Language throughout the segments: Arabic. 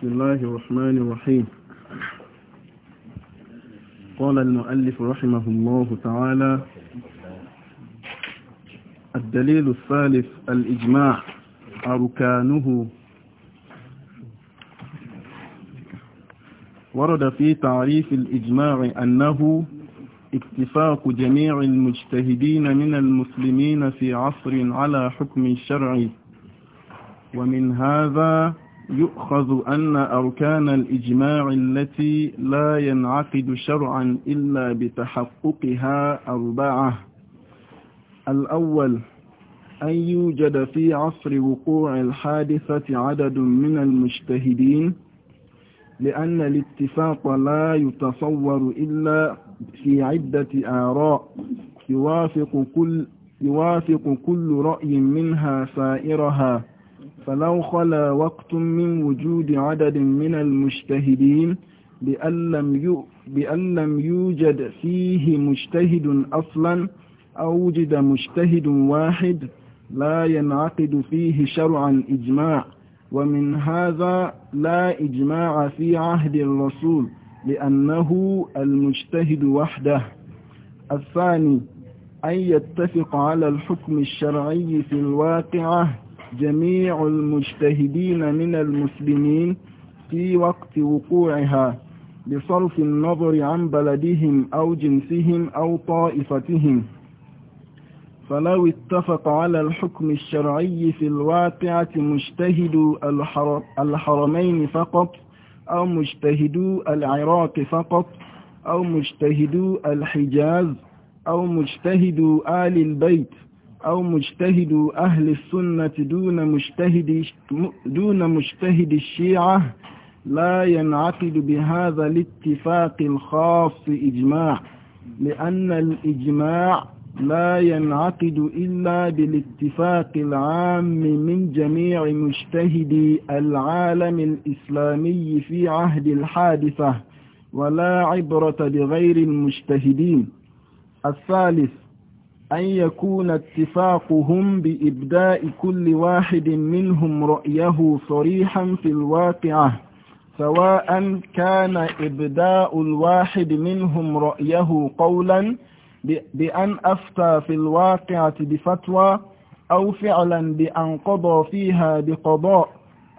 بسم الله الرحمن الرحيم قال المؤلف رحمه الله تعالى الدليل الثالث الإجماع أركانه ورد في تعريف الإجماع أنه اتفاق جميع المجتهدين من المسلمين في عصر على حكم شرعي ومن هذا يؤخذ أن أركان الإجماع التي لا ينعقد شرعا إلا بتحققها أربعة الأول أن يوجد في عصر وقوع الحادثة عدد من المجتهدين لأن الاتفاق لا يتصور إلا في عدة آراء يوافق كل, يوافق كل رأي منها سائرها فلو خلا وقت من وجود عدد من المجتهدين بأن لم, بأن لم يوجد فيه مجتهد أصلا أو وجد مجتهد واحد لا ينعقد فيه شرعا إجماع ومن هذا لا إجماع في عهد الرسول لأنه المجتهد وحده الثاني أن يتفق على الحكم الشرعي في الواقعة جميع المجتهدين من المسلمين في وقت وقوعها بصرف النظر عن بلدهم أو جنسهم أو طائفتهم فلو اتفق على الحكم الشرعي في الواقعة مجتهد الحرمين فقط أو مجتهدو العراق فقط أو مجتهدو الحجاز أو مجتهدو آل البيت أو مجتهد أهل السنة دون مجتهد, دون مجتهد الشيعة لا ينعقد بهذا الاتفاق الخاص إجماع لأن الإجماع لا ينعقد إلا بالاتفاق العام من جميع مجتهدي العالم الإسلامي في عهد الحادثة ولا عبرة بغير المجتهدين الثالث أن يكون اتفاقهم بإبداء كل واحد منهم رأيه صريحا في الواقعة سواء كان إبداء الواحد منهم رأيه قولا بأن أفتى في الواقعة بفتوى أو فعلا بأن قضى فيها بقضاء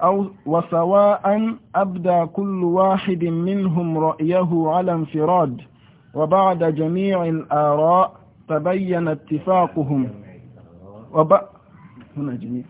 أو وسواء أبدى كل واحد منهم رأيه على انفراد وبعد جميع الآراء تبين اتفاقهم وب... هنا جميل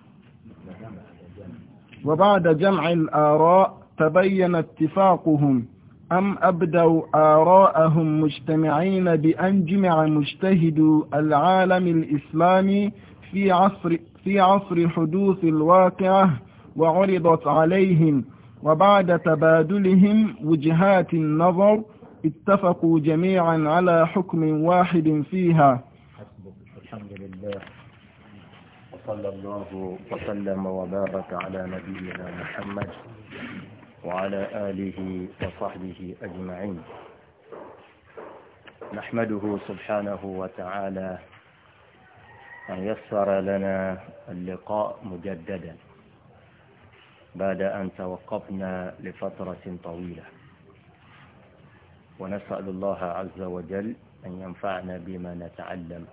وبعد جمع الآراء تبين اتفاقهم أم أبدوا آراءهم مجتمعين بأن جمع مجتهد العالم الإسلامي في عصر, في عصر حدوث الواقعة وعرضت عليهم وبعد تبادلهم وجهات النظر اتفقوا جميعا على حكم واحد فيها الحمد لله وصلى الله وسلم وبارك على نبينا محمد وعلى آله وصحبه أجمعين نحمده سبحانه وتعالى أن يسر لنا اللقاء مجددا بعد أن توقفنا لفترة طويلة ونسأل الله عز وجل أن ينفعنا بما نتعلم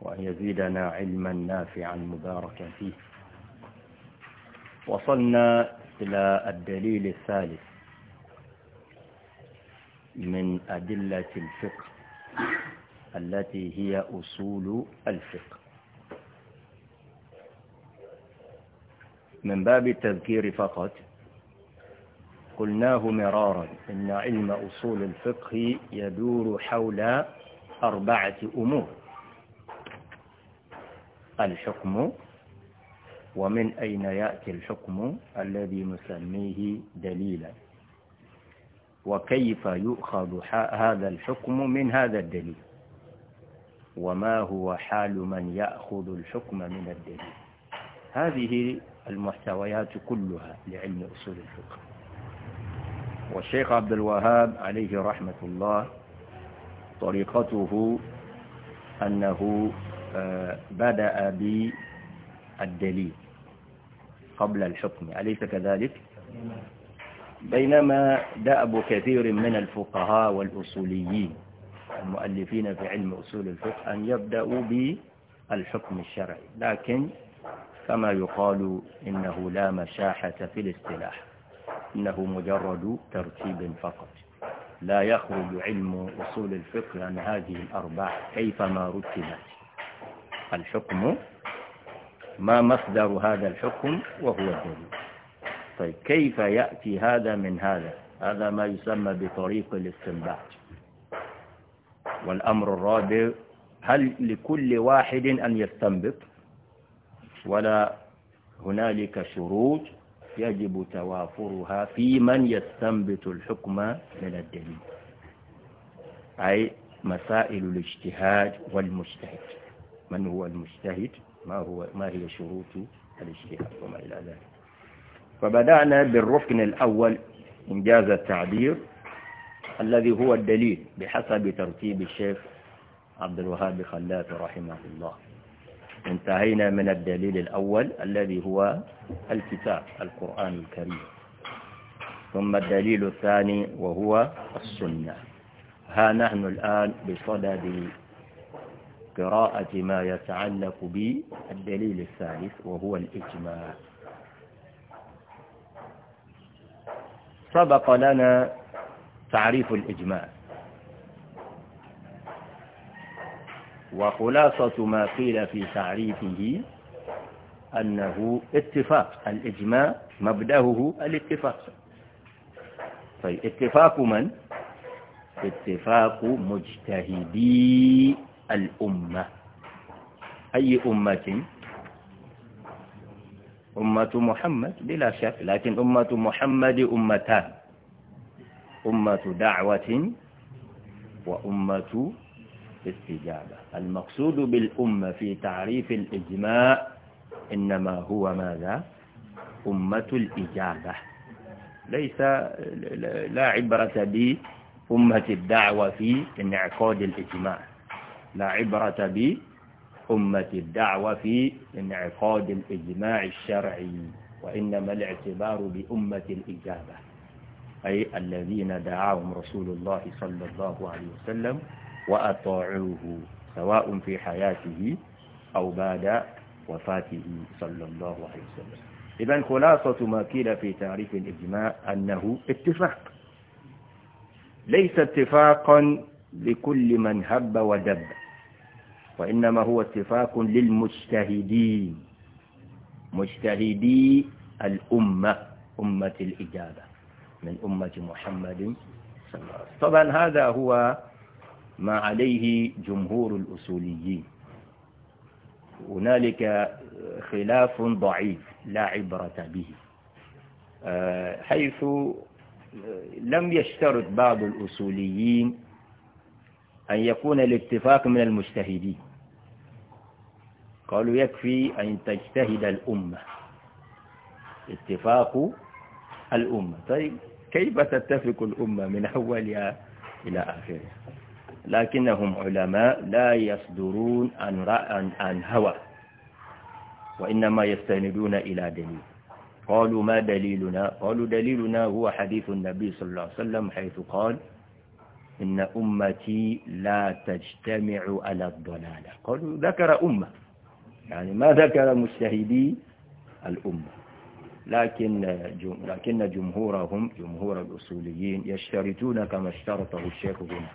وأن يزيدنا علما نافعا مباركا فيه وصلنا إلى الدليل الثالث من أدلة الفقه التي هي أصول الفقه من باب التذكير فقط قلناه مرارا إن علم أصول الفقه يدور حول أربعة أمور الحكم ومن أين يأتي الحكم الذي نسميه دليلا وكيف يؤخذ هذا الحكم من هذا الدليل وما هو حال من يأخذ الحكم من الدليل هذه المحتويات كلها لعلم أصول الفقه والشيخ عبد الوهاب عليه رحمة الله طريقته أنه آه، بدأ بالدليل قبل الحكم أليس كذلك؟ بينما دأب كثير من الفقهاء والأصوليين المؤلفين في علم أصول الفقه أن يبدأوا بالحكم الشرعي لكن كما يقال إنه لا مشاحة في الاستلاح إنه مجرد ترتيب فقط لا يخرج علم أصول الفقه عن هذه الأربع كيفما رتبت الحكم ما مصدر هذا الحكم وهو الدليل طيب كيف يأتي هذا من هذا هذا ما يسمى بطريق الاستنباط والأمر الرابع هل لكل واحد أن يستنبط ولا هنالك شروط يجب توافرها في من يستنبط الحكم من الدليل أي مسائل الاجتهاد والمجتهد من هو المجتهد ما, هو ما هي شروط الاجتهاد وما إلى ذلك فبدأنا بالركن الأول إنجاز التعبير الذي هو الدليل بحسب ترتيب الشيخ عبد الوهاب خلاف رحمه الله انتهينا من الدليل الأول الذي هو الكتاب القرآن الكريم ثم الدليل الثاني وهو السنة ها نحن الآن بصدد قراءة ما يتعلق بالدليل الثالث وهو الإجماع سبق لنا تعريف الإجماع وخلاصة ما قيل في تعريفه أنه اتفاق الإجماع مبدأه الاتفاق طيب اتفاق من؟ اتفاق مجتهدي الأمة أي أمة؟ أمة محمد بلا شك لكن أمة محمد أمتان أمة دعوة وأمة استجابة المقصود بالأمة في تعريف الإجماع إنما هو ماذا أمة الإجابة ليس لا عبرة أمة الدعوة في انعقاد الإجماع لا عبرة أمة الدعوة في انعقاد الإجماع الشرعي وإنما الاعتبار بأمة الإجابة أي الذين دعاهم رسول الله صلى الله عليه وسلم وأطاعوه سواء في حياته أو بعد وفاته صلى الله عليه وسلم إذا خلاصة ما قيل في تعريف الإجماع أنه اتفاق ليس اتفاقا لكل من هب ودب وإنما هو اتفاق للمجتهدين مجتهدي الأمة أمة الإجابة من أمة محمد صلى الله عليه وسلم طبعا هذا هو ما عليه جمهور الأصوليين هنالك خلاف ضعيف لا عبرة به آه، حيث لم يشترط بعض الأصوليين أن يكون الاتفاق من المجتهدين قالوا يكفي أن تجتهد الأمة اتفاق الأمة طيب كيف تتفق الأمة من أولها إلى آخرها لكنهم علماء لا يصدرون عن, عن, عن هوى وإنما يستندون إلى دليل قالوا ما دليلنا قالوا دليلنا هو حديث النبي صلى الله عليه وسلم حيث قال إن أمتي لا تجتمع على الضلالة قالوا ذكر أمة يعني ما ذكر مجتهدي الأمة لكن لكن جمهورهم جمهور الأصوليين يشترطون كما اشترطه الشيخ هنا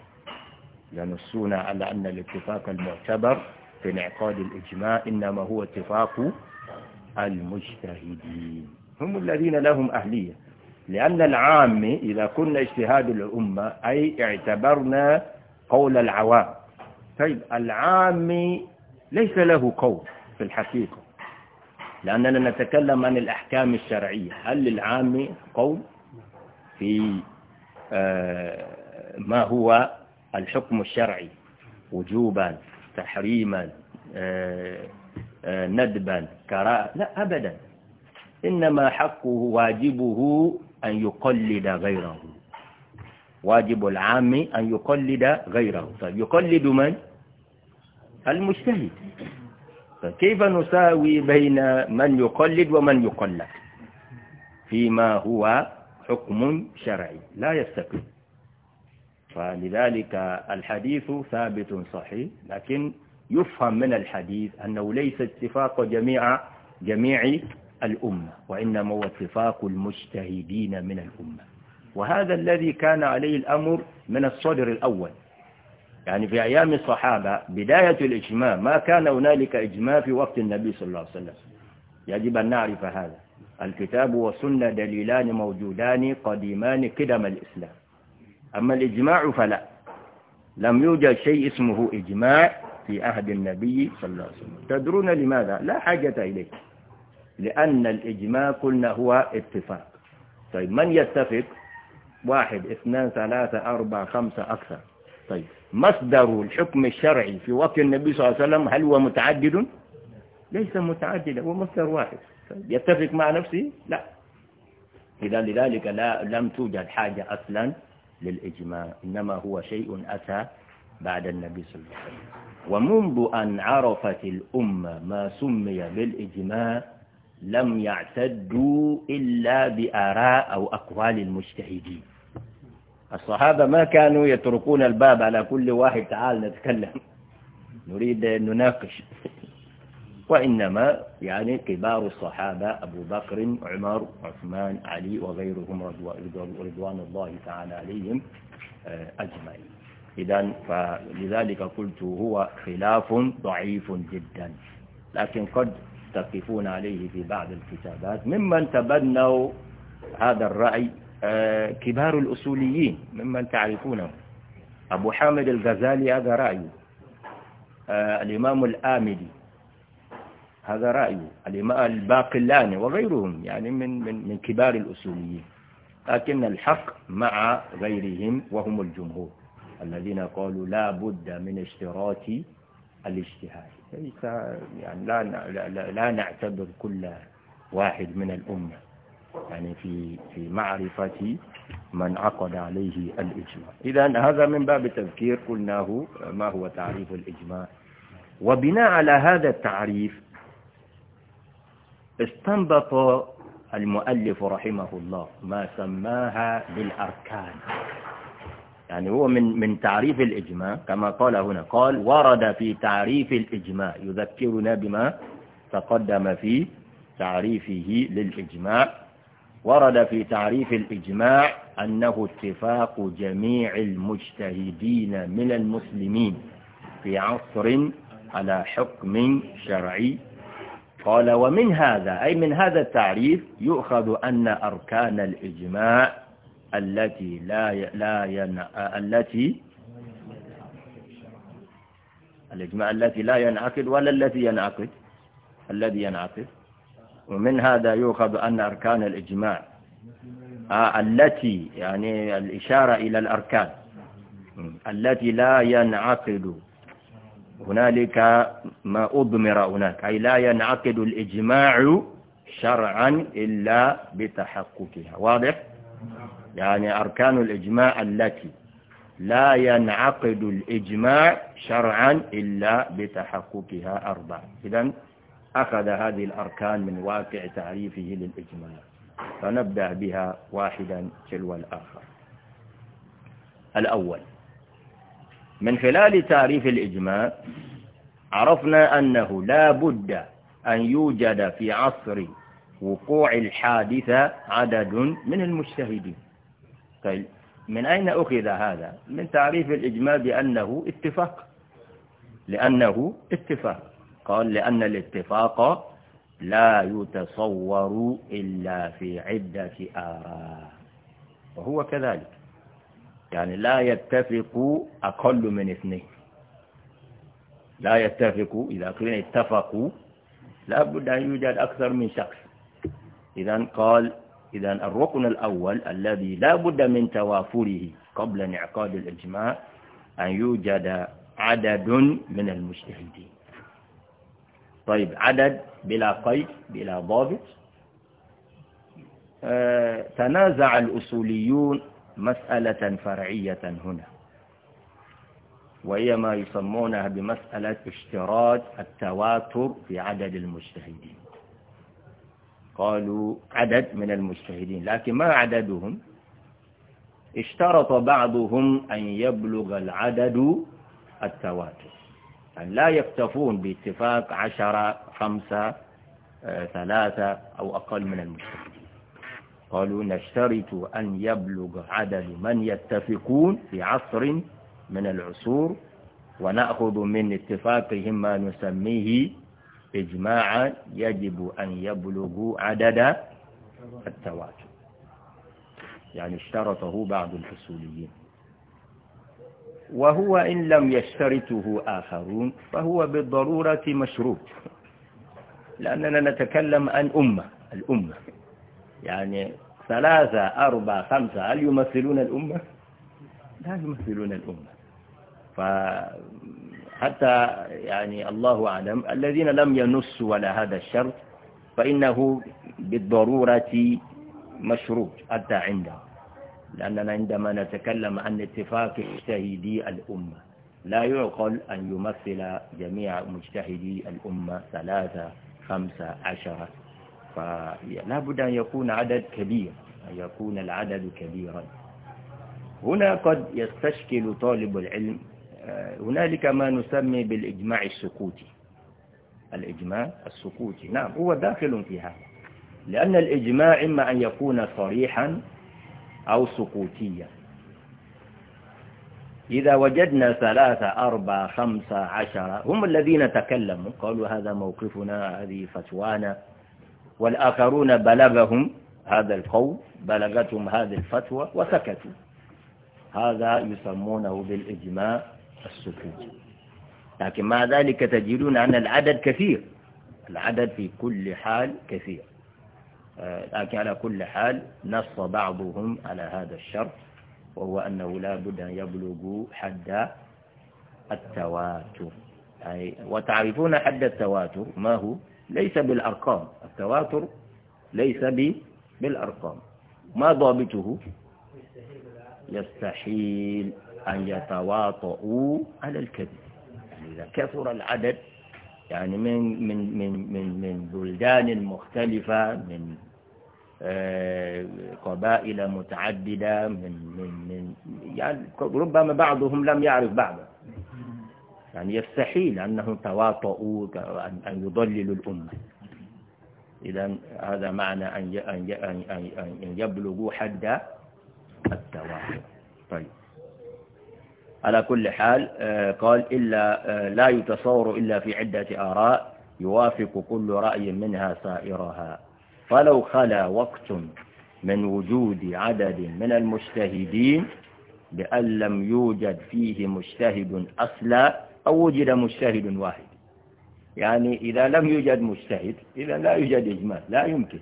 ينصون على أن الاتفاق المعتبر في انعقاد الإجماع إنما هو اتفاق المجتهدين هم الذين لهم أهلية لأن العام إذا كنا اجتهاد الأمة أي اعتبرنا قول العوام طيب العام ليس له قول في الحقيقة لأننا نتكلم عن الأحكام الشرعية هل للعام قول في آه، ما هو الحكم الشرعي وجوبا تحريما آه، آه، ندبا كراء لا أبدا إنما حقه واجبه أن يقلد غيره واجب العام أن يقلد غيره طيب يقلد من؟ المجتهد فكيف نساوي بين من يقلد ومن يقلد فيما هو حكم شرعي لا يستقيم فلذلك الحديث ثابت صحيح لكن يفهم من الحديث أنه ليس اتفاق جميع جميع الأمة وإنما هو اتفاق المجتهدين من الأمة وهذا الذي كان عليه الأمر من الصدر الأول يعني في أيام الصحابة بداية الإجماع ما كان هنالك إجماع في وقت النبي صلى الله عليه وسلم يجب أن نعرف هذا الكتاب والسنة دليلان موجودان قديمان قدم الإسلام أما الإجماع فلا لم يوجد شيء اسمه إجماع في عهد النبي صلى الله عليه وسلم تدرون لماذا لا حاجة إليه لأن الإجماع قلنا هو اتفاق طيب من يتفق واحد اثنان ثلاثة أربعة خمسة أكثر طيب مصدر الحكم الشرعي في وقت النبي صلى الله عليه وسلم هل هو متعدد ليس متعددا هو مصدر واحد طيب يتفق مع نفسه لا إذا لذلك لا لم توجد حاجة أصلا للإجماع إنما هو شيء أتى بعد النبي صلى الله عليه وسلم ومنذ أن عرفت الأمة ما سمي بالإجماع لم يعتدوا إلا بآراء أو أقوال المجتهدين الصحابة ما كانوا يتركون الباب على كل واحد تعال نتكلم نريد أن نناقش وإنما يعني كبار الصحابة أبو بكر عمر عثمان علي وغيرهم رضوان الله تعالى عليهم آه، أجمعين إذا فلذلك قلت هو خلاف ضعيف جدا لكن قد تقفون عليه في بعض الكتابات ممن تبنوا هذا الرأي آه، كبار الأصوليين ممن تعرفونه أبو حامد الغزالي هذا رأيه آه، الإمام الآمدي هذا رأي الإمام الباقلاني وغيرهم يعني من, من, من كبار الأصوليين لكن الحق مع غيرهم وهم الجمهور الذين قالوا لا بد من اشتراط الاجتهاد ليس يعني لا, لا, لا, لا نعتبر كل واحد من الأمة يعني في في معرفة من عقد عليه الإجماع إذا هذا من باب التذكير قلناه ما هو تعريف الإجماع وبناء على هذا التعريف استنبط المؤلف رحمه الله ما سماها بالأركان يعني هو من من تعريف الإجماع كما قال هنا قال ورد في تعريف الإجماع يذكرنا بما تقدم في تعريفه للإجماع ورد في تعريف الإجماع أنه اتفاق جميع المجتهدين من المسلمين في عصر على حكم شرعي قال ومن هذا أي من هذا التعريف يؤخذ أن أركان الإجماع التي لا لا ينع... التي الإجماع التي لا ينعقد ولا التي ينعقد الذي ينعقد ومن هذا يؤخذ أن أركان الإجماع آه، التي يعني الإشارة إلى الأركان التي لا ينعقد هنالك ما أضمر هناك أي لا ينعقد الإجماع شرعا إلا بتحققها واضح؟ يعني أركان الإجماع التي لا ينعقد الإجماع شرعا إلا بتحققها أربعة إذا أخذ هذه الأركان من واقع تعريفه للإجماع فنبدأ بها واحدا تلو الآخر الأول من خلال تعريف الإجماع عرفنا أنه لا بد أن يوجد في عصر وقوع الحادثة عدد من المجتهدين طيب من أين أخذ هذا؟ من تعريف الإجماع بأنه اتفاق لأنه اتفاق قال لأن الاتفاق لا يتصور إلا في عدة آراء وهو كذلك يعني لا يتفق أقل من اثنين لا يتفق إذا قلنا اتفقوا لا بد أن يوجد أكثر من شخص إذا قال إذا الركن الأول الذي لا بد من توافره قبل انعقاد الإجماع أن يوجد عدد من المجتهدين طيب عدد بلا قيد بلا ضابط آه، تنازع الأصوليون مسألة فرعية هنا وهي ما يسمونها بمسألة اشتراط التواتر في عدد المجتهدين قالوا عدد من المجتهدين لكن ما عددهم اشترط بعضهم أن يبلغ العدد التواتر أن يعني لا يكتفون باتفاق عشرة خمسة آه، ثلاثة أو أقل من المجتهدين قالوا نشترط أن يبلغ عدد من يتفقون في عصر من العصور ونأخذ من اتفاقهم ما نسميه إجماعا يجب أن يبلغوا عدد التواتر يعني اشترطه بعض الحصوليين وهو إن لم يشترطه آخرون فهو بالضرورة مشروط لأننا نتكلم عن أمة الأمة يعني ثلاثة أربعة خمسة هل يمثلون الأمة؟ لا يمثلون الأمة فحتى يعني الله أعلم الذين لم ينصوا على هذا الشرط فإنه بالضرورة مشروط حتى عندهم لأننا عندما نتكلم عن اتفاق مجتهدي الأمة لا يعقل أن يمثل جميع مجتهدي الأمة ثلاثة خمسة عشرة فلا بد أن يكون عدد كبير أن يكون العدد كبيرا هنا قد يستشكل طالب العلم آه، هنالك ما نسمي بالإجماع السكوتي الإجماع السكوتي نعم هو داخل في هذا لأن الإجماع إما أن يكون صريحا أو سكوتيا إذا وجدنا ثلاثة أربعة خمسة عشرة هم الذين تكلموا قالوا هذا موقفنا هذه فتوانا والآخرون بلغهم هذا القول بلغتهم هذه الفتوى وسكتوا هذا يسمونه بالإجماع السكوت لكن مع ذلك تجدون أن العدد كثير العدد في كل حال كثير آه، لكن على كل حال نص بعضهم على هذا الشرط وهو أنه لا بد أن يبلغوا حد التواتر أي وتعرفون حد التواتر ما هو ليس بالأرقام التواتر ليس بالأرقام ما ضابطه يستحيل أن يتواطؤوا على الكذب يعني إذا كثر العدد يعني من من من من من بلدان مختلفة من آه، قبائل متعددة من من من يعني ربما بعضهم لم يعرف بعضا يعني يستحيل أنهم تواطؤوا أن يضللوا الأمة إذا هذا معنى أن أن يبلغوا حد التواطؤ طيب على كل حال آه، قال إلا آه، لا يتصور إلا في عدة آراء يوافق كل رأي منها سائرها فلو خلا وقت من وجود عدد من المجتهدين بأن لم يوجد فيه مجتهد أصلا أو وجد مجتهد واحد يعني إذا لم يوجد مجتهد إذا لا يوجد إجماع لا يمكن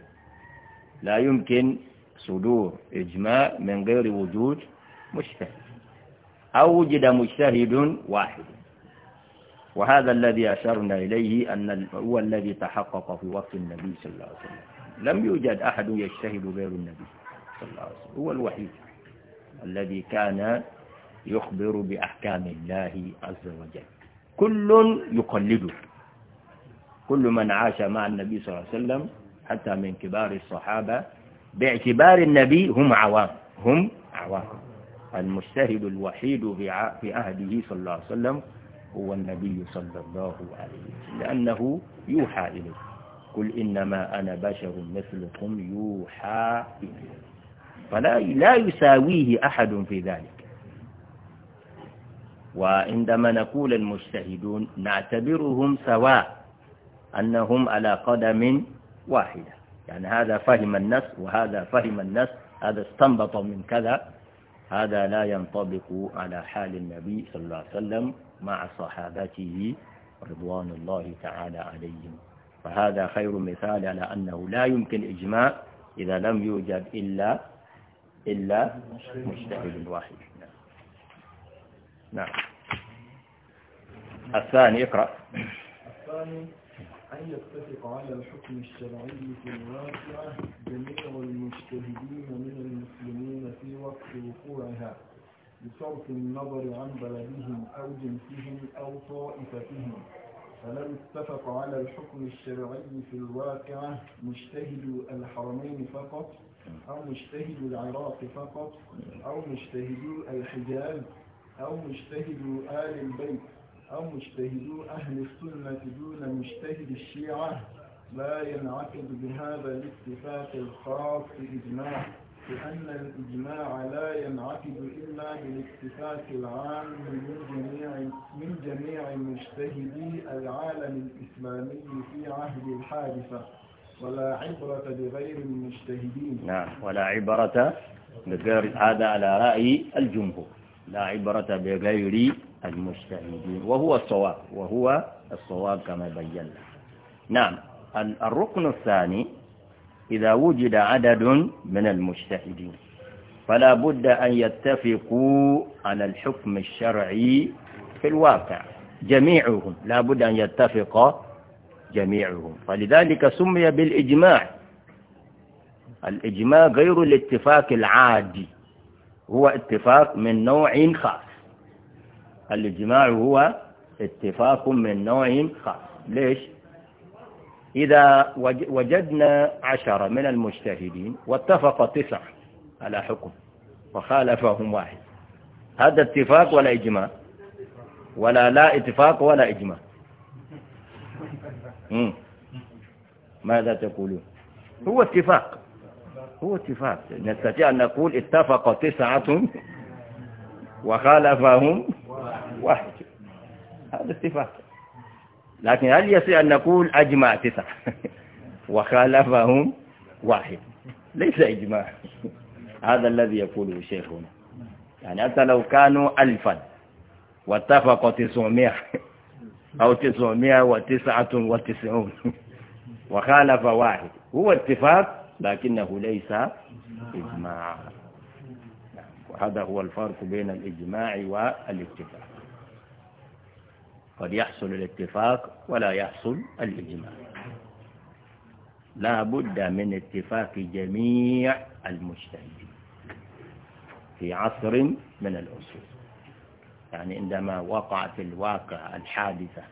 لا يمكن صدور إجماع من غير وجود مجتهد أو وجد مجتهد واحد وهذا الذي أشرنا إليه أن هو الذي تحقق في وقت النبي صلى الله عليه وسلم لم يوجد أحد يجتهد غير النبي صلى الله عليه وسلم هو الوحيد الذي كان يخبر بأحكام الله عز وجل كل يقلده كل من عاش مع النبي صلى الله عليه وسلم حتى من كبار الصحابة باعتبار النبي هم عوام هم عوام المجتهد الوحيد في عهده صلى الله عليه وسلم هو النبي صلى الله عليه وسلم لأنه يوحى إليه قل إنما أنا بشر مثلكم يوحى إليه فلا لا يساويه أحد في ذلك وعندما نقول المجتهدون نعتبرهم سواء أنهم على قدم واحدة يعني هذا فهم النص وهذا فهم النص هذا استنبط من كذا هذا لا ينطبق على حال النبي صلى الله عليه وسلم مع صحابته رضوان الله تعالى عليهم فهذا خير مثال على أنه لا يمكن إجماع إذا لم يوجد إلا إلا مجتهد واحد نعم الثاني اقرأ الثاني أن يتفق على الحكم الشرعي في الواقعة جميع المجتهدين من المسلمين في وقت وقوعها بصرف النظر عن بلدهم أو جنسهم أو طائفتهم فلو اتفق على الحكم الشرعي في الواقعة مجتهد الحرمين فقط أو مجتهد العراق فقط أو مجتهد الحجاز أو مجتهد آل البيت أو مجتهدوا أهل السنة دون مجتهد الشيعة لا ينعقد بهذا الاتفاق الخاص إجماع لأن الإجماع لا ينعقد إلا بالاتفاق العام من جميع من جميع مجتهدي العالم الإسلامي في عهد الحادثة ولا عبرة بغير المجتهدين نعم ولا عبرة لغير هذا على رأي الجمهور لا عبرة بغير المجتهدين وهو الصواب وهو الصواب كما بينا نعم الركن الثاني إذا وجد عدد من المجتهدين فلا بد أن يتفقوا على الحكم الشرعي في الواقع جميعهم لا بد أن يتفق جميعهم فلذلك سمي بالإجماع الإجماع غير الاتفاق العادي هو اتفاق من نوع خاص الاجماع هو اتفاق من نوع خاص ليش إذا وجدنا عشرة من المجتهدين واتفق تسعة على حكم وخالفهم واحد هذا اتفاق ولا إجماع ولا لا اتفاق ولا إجماع ماذا تقولون هو اتفاق هو اتفاق نستطيع أن نقول اتفق تسعة وخالفهم واحد هذا اتفاق لكن هل يصير أن نقول أجمع تسعة وخالفهم واحد ليس إجماع هذا الذي يقوله شيخنا يعني حتى لو كانوا ألفا واتفقوا تسعمائة أو تسعمائة وتسعة وتسعون وخالف واحد هو اتفاق لكنه ليس إجماعا وهذا هو الفرق بين الإجماع والاتفاق قد يحصل الاتفاق ولا يحصل الإجماع لا بد من اتفاق جميع المجتهدين في عصر من العصور يعني عندما وقعت الواقعة الحادثة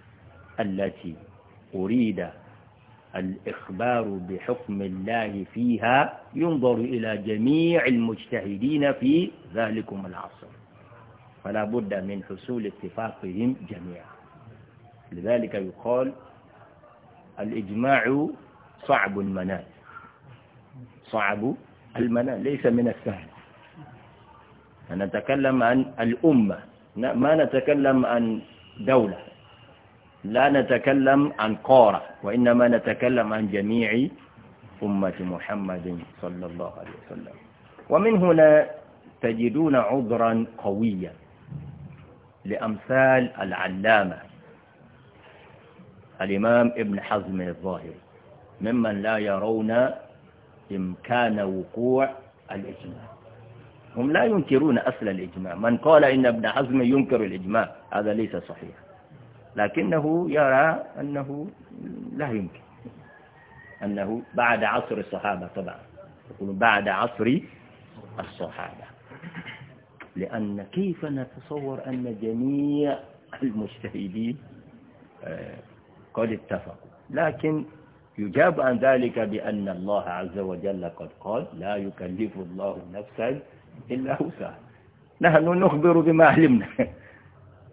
التي أريد الإخبار بحكم الله فيها ينظر إلى جميع المجتهدين في ذلكم العصر فلا بد من حصول اتفاقهم جميعا لذلك يقال الإجماع صعب المنال صعب المنال ليس من السهل نتكلم عن الأمة ما نتكلم عن دولة لا نتكلم عن قارة وإنما نتكلم عن جميع أمة محمد صلى الله عليه وسلم ومن هنا تجدون عذرا قويا لأمثال العلامة الإمام ابن حزم الظاهر ممن لا يرون إمكان وقوع الإجماع هم لا ينكرون أصل الإجماع من قال إن ابن حزم ينكر الإجماع هذا ليس صحيح لكنه يرى أنه لا يمكن أنه بعد عصر الصحابة طبعا يقول بعد عصر الصحابة لأن كيف نتصور أن جميع المجتهدين آه، قد اتفقوا لكن يجاب عن ذلك بأن الله عز وجل قد قال لا يكلف الله نفسا إلا وسعها نحن نخبر بما علمنا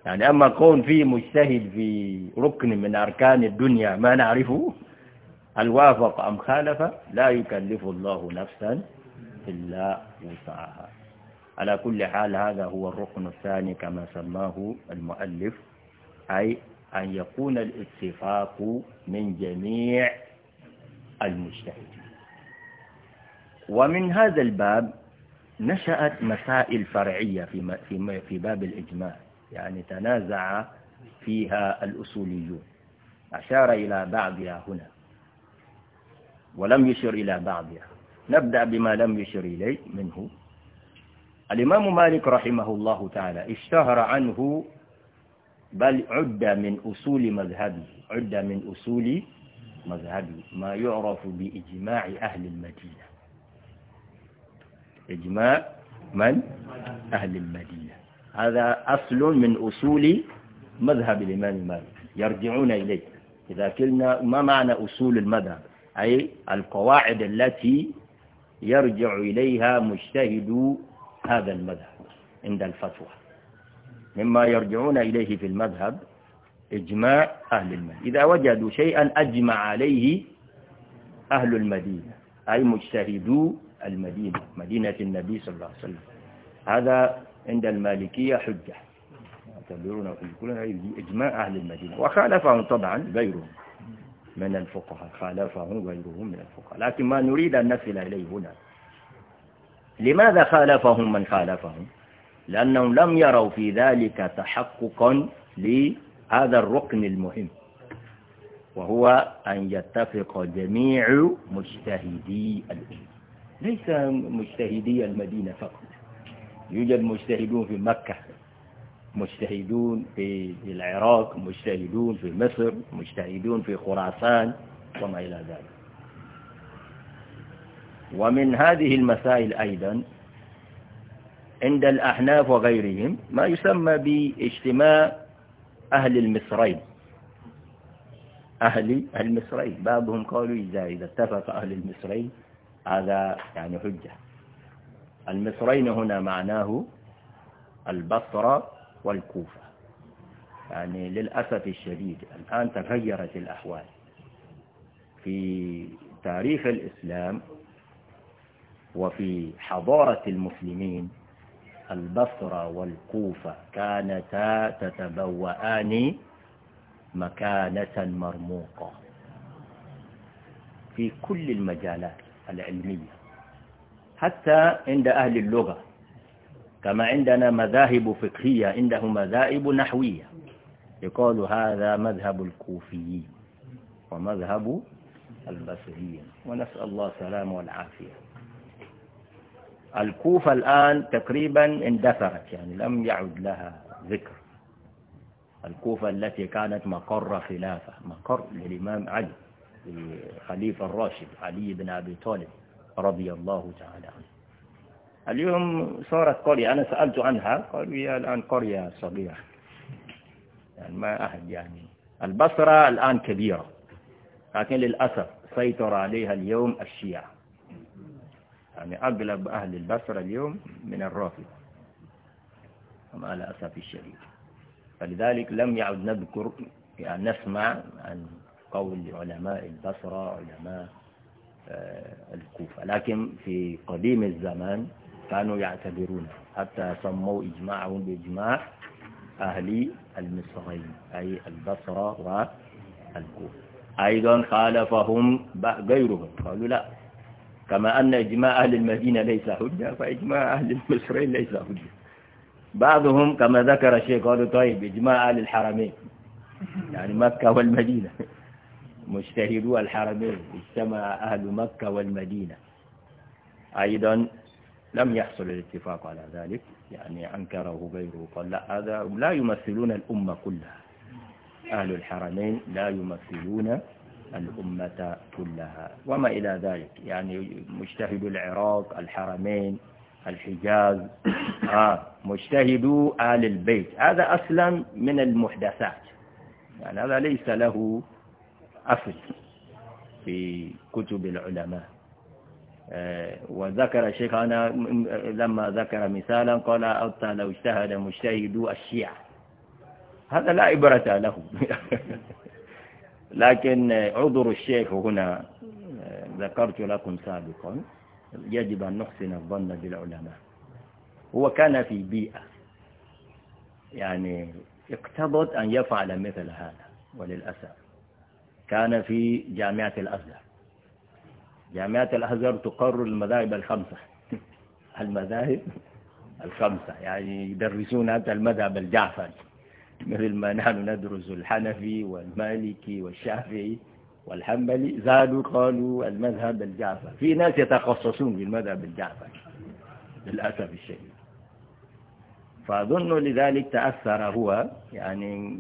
يعني أما كون في مجتهد في ركن من أركان الدنيا ما نعرفه هل وافق أم خالف لا يكلف الله نفسا إلا وسعها على كل حال هذا هو الركن الثاني كما سماه المؤلف أي أن يكون الاتفاق من جميع المجتهدين ومن هذا الباب نشأت مسائل فرعية في في باب الإجماع يعني تنازع فيها الأصوليون أشار إلى بعضها هنا ولم يشر إلى بعضها نبدأ بما لم يشر إليه منه الإمام مالك رحمه الله تعالى اشتهر عنه بل عد من أصول مذهبه عد من أصول مذهبه ما يعرف بإجماع أهل المدينة إجماع من؟ أهل المدينة هذا أصل من أصول مذهب الإمام مالك يرجعون إليه إذا قلنا ما معنى أصول المذهب أي القواعد التي يرجع إليها مجتهد هذا المذهب عند الفتوى مما يرجعون إليه في المذهب إجماع أهل المدينة إذا وجدوا شيئا أجمع عليه أهل المدينة أي مجتهدو المدينة مدينة النبي صلى الله عليه وسلم هذا عند المالكية حجة يعتبرون كلنا إجماع أهل المدينة وخالفهم طبعا غيرهم من الفقهاء خالفهم غيرهم من الفقهاء لكن ما نريد أن نصل إليه هنا لماذا خالفهم من خالفهم لأنهم لم يروا في ذلك تحققا لهذا الركن المهم وهو أن يتفق جميع مجتهدي الأمة ليس مجتهدي المدينة فقط يوجد مجتهدون في مكة مجتهدون في العراق مجتهدون في مصر مجتهدون في خراسان وما إلى ذلك ومن هذه المسائل أيضا عند الأحناف وغيرهم ما يسمى باجتماع أهل المصرين أهل المصرين بعضهم قالوا إذا اتفق أهل المصرين هذا يعني حجة المصرين هنا معناه البصرة والكوفة يعني للأسف الشديد الآن تغيرت الأحوال في تاريخ الإسلام وفي حضارة المسلمين البصرة والكوفة كانتا تتبوأان مكانة مرموقة في كل المجالات العلمية حتى عند أهل اللغة كما عندنا مذاهب فقهية عنده مذاهب نحوية يقول هذا مذهب الكوفيين ومذهب البصريين ونسأل الله السلام والعافية الكوفة الآن تقريبا اندثرت يعني لم يعد لها ذكر الكوفة التي كانت مقر خلافة مقر للإمام علي خليفة الراشد علي بن أبي طالب رضي الله تعالى عنه اليوم صارت قرية أنا سألت عنها قالوا هي الآن قرية صغيرة يعني ما أحد يعني البصرة الآن كبيرة لكن للأسف سيطر عليها اليوم الشيعة يعني أغلب أهل البصرة اليوم من الرافضة مع الأسف الشديد فلذلك لم يعد نذكر يعني نسمع عن قول علماء البصرة علماء آه، الكوفة لكن في قديم الزمان كانوا يعتبرون حتى سموا إجماعهم بإجماع أهل المصرين أي البصرة والكوفة أيضا خالفهم غيرهم قالوا لا كما أن إجماع أهل المدينة ليس حجة فإجماع أهل المصرين ليس حجة بعضهم كما ذكر الشيخ قالوا طيب إجماع أهل الحرمين يعني مكة والمدينة مجتهدو الحرمين اجتمع أهل مكة والمدينة أيضا لم يحصل الاتفاق على ذلك يعني أنكره غيره قال لا هذا لا يمثلون الأمة كلها أهل الحرمين لا يمثلون الأمة كلها وما إلى ذلك يعني مجتهد العراق الحرمين الحجاز آه مجتهدو آل البيت هذا أصلا من المحدثات يعني هذا ليس له أصل في كتب العلماء آه، وذكر الشيخ أنا لما ذكر مثالا قال أبطى لو اجتهد مجتهد الشيعة هذا لا عبرة له لكن عذر الشيخ هنا آه، ذكرت لكم سابقا يجب أن نحسن الظن بالعلماء هو كان في بيئة يعني اقتضت أن يفعل مثل هذا وللأسف كان في جامعة الأزهر جامعة الأزهر تقرر المذاهب الخمسة المذاهب الخمسة يعني يدرسون هذا المذهب الجعفري مثل ما نحن ندرس الحنفي والمالكي والشافعي والحنبلي زادوا قالوا المذهب الجعفري في ناس يتخصصون في المذهب الجعفري للأسف الشديد فأظن لذلك تأثر هو يعني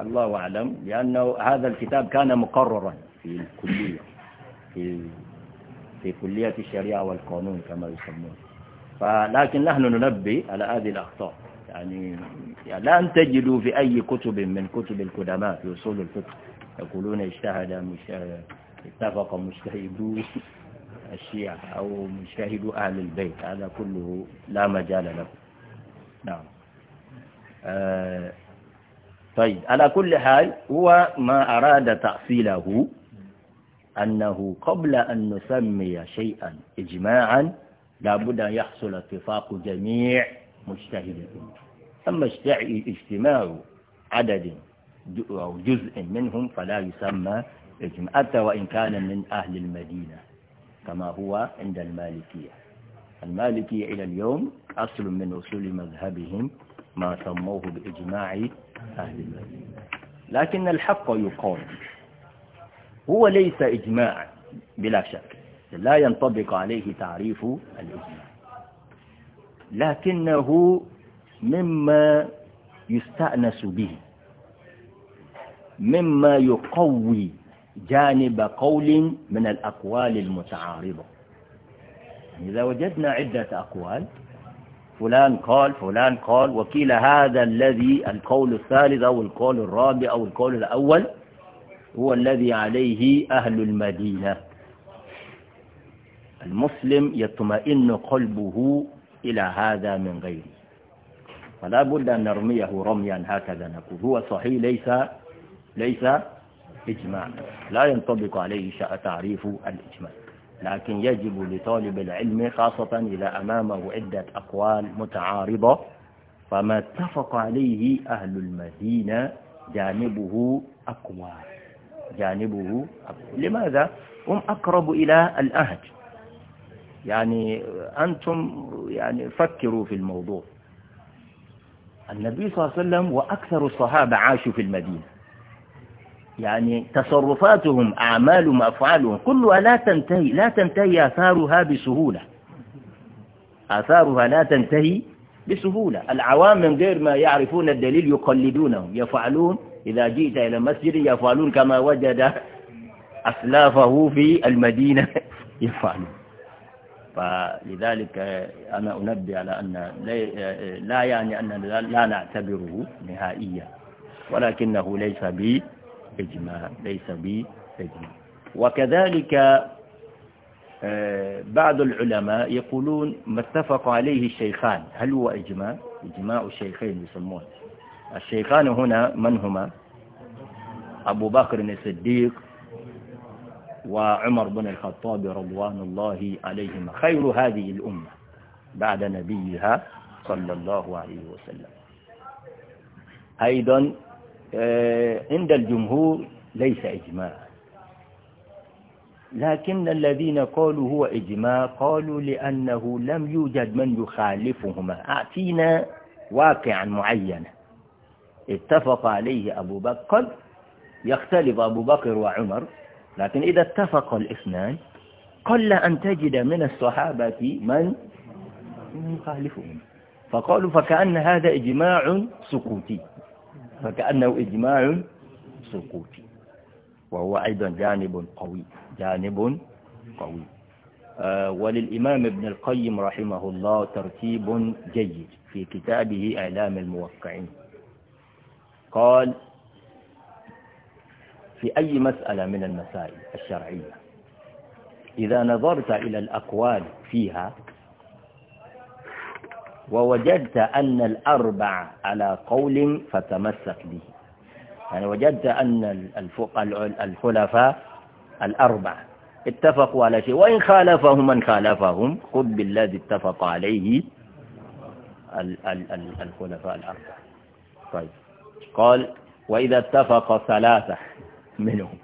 الله أعلم لأنه هذا الكتاب كان مقررا في الكلية في في كلية الشريعة والقانون كما يسمون فلكن نحن ننبي على هذه الأخطاء يعني, يعني لن تجدوا في أي كتب من كتب القدماء في أصول الفقه يقولون اجتهد اتفق مجتهدو الشيعة أو مجتهدو أهل البيت هذا كله لا مجال له نعم آه، طيب على كل حال هو ما أراد تأصيله أنه قبل أن نسمي شيئا إجماعا لابد أن يحصل اتفاق جميع مجتهد أما اجتماع عدد أو جزء منهم فلا يسمى إجماع حتى وإن كان من أهل المدينة كما هو عند المالكية المالكية إلى اليوم أصل من أصول مذهبهم ما سموه بإجماع أهل المدينة لكن الحق يقال هو ليس إجماع بلا شك لا ينطبق عليه تعريف الإجماع لكنه مما يستأنس به مما يقوي جانب قول من الأقوال المتعارضة إذا وجدنا عدة أقوال فلان قال فلان قال وكيل هذا الذي القول الثالث أو القول الرابع أو القول الأول هو الذي عليه أهل المدينة المسلم يطمئن قلبه إلى هذا من غيره فلا بد أن نرميه رميا هكذا نقول هو صحيح ليس ليس إجماع لا ينطبق عليه تعريف الإجماع لكن يجب لطالب العلم خاصة إذا أمامه عدة أقوال متعارضة فما اتفق عليه أهل المدينة جانبه أقوى جانبه أقوى لماذا؟ هم أقرب إلى الأهج يعني أنتم يعني فكروا في الموضوع النبي صلى الله عليه وسلم وأكثر الصحابة عاشوا في المدينة يعني تصرفاتهم أعمالهم أفعالهم كلها لا تنتهي لا تنتهي آثارها بسهولة آثارها لا تنتهي بسهولة العوام من غير ما يعرفون الدليل يقلدونهم يفعلون إذا جئت إلى مسجد يفعلون كما وجد أسلافه في المدينة يفعلون فلذلك أنا أنبه على أن لا يعني أننا لا نعتبره نهائيا ولكنه ليس بي إجماع ليس بإجماع وكذلك آه، بعض العلماء يقولون ما اتفق عليه الشيخان هل هو إجماع إجماع الشيخين يسمون الشيخان هنا من هما أبو بكر الصديق وعمر بن الخطاب رضوان الله عليهما خير هذه الأمة بعد نبيها صلى الله عليه وسلم أيضا آه، عند الجمهور ليس إجماع لكن الذين قالوا هو إجماع قالوا لأنه لم يوجد من يخالفهما أعطينا واقعا معينا اتفق عليه أبو بكر يختلف أبو بكر وعمر لكن إذا اتفق الاثنان قل أن تجد من الصحابة من يخالفهم فقالوا فكأن هذا إجماع سكوتي فكأنه إجماع سقوطي وهو أيضا جانب قوي جانب قوي آه، وللإمام ابن القيم رحمه الله ترتيب جيد في كتابه إعلام الموقعين قال في أي مسألة من المسائل الشرعية إذا نظرت إلى الأقوال فيها ووجدت أن الأربع على قول فتمسك به يعني وجدت أن الخلفاء الأربع اتفقوا على شيء وإن خالفهم من خالفهم خذ بالذي اتفق عليه الخلفاء الأربع طيب قال وإذا اتفق ثلاثة منهم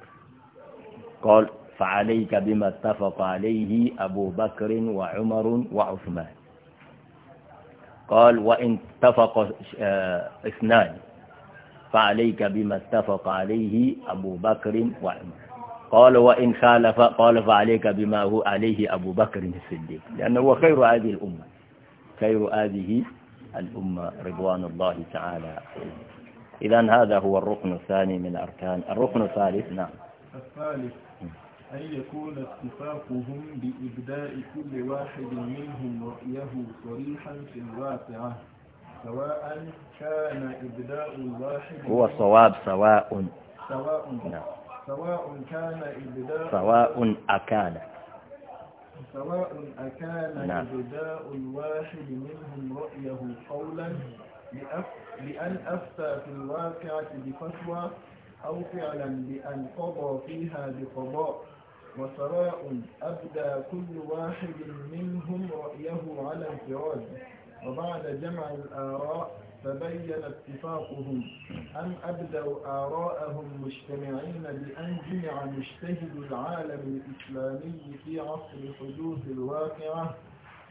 قال فعليك بما اتفق عليه أبو بكر وعمر وعثمان قال وإن اتفق آه، اثنان فعليك بما اتفق عليه أبو بكر وعمر قال وإن خالف قال فعليك بما هو عليه أبو بكر الصديق لأنه هو خير هذه الأمة خير هذه الأمة رضوان الله تعالى إذا هذا هو الركن الثاني من أركان الركن الثالث نعم الثالث أن يكون اتفاقهم بإبداء كل واحد منهم رأيه صريحا في الواقعة سواء كان إبداء الواحد هو صواب سواء سواء نعم. سواء كان إبداء سواء أكان سواء أكان نعم. إبداء الواحد منهم رأيه قولا لأن أفتى في الواقعة بفتوى أو فعلا بأن قضى فيها بقضاء وثراء أبدى كل واحد منهم رأيه على انفراد وبعد جمع الآراء فبين اتفاقهم أم أبدوا آراءهم مجتمعين بأن جمع مجتهد العالم الإسلامي في عصر حدوث الواقعة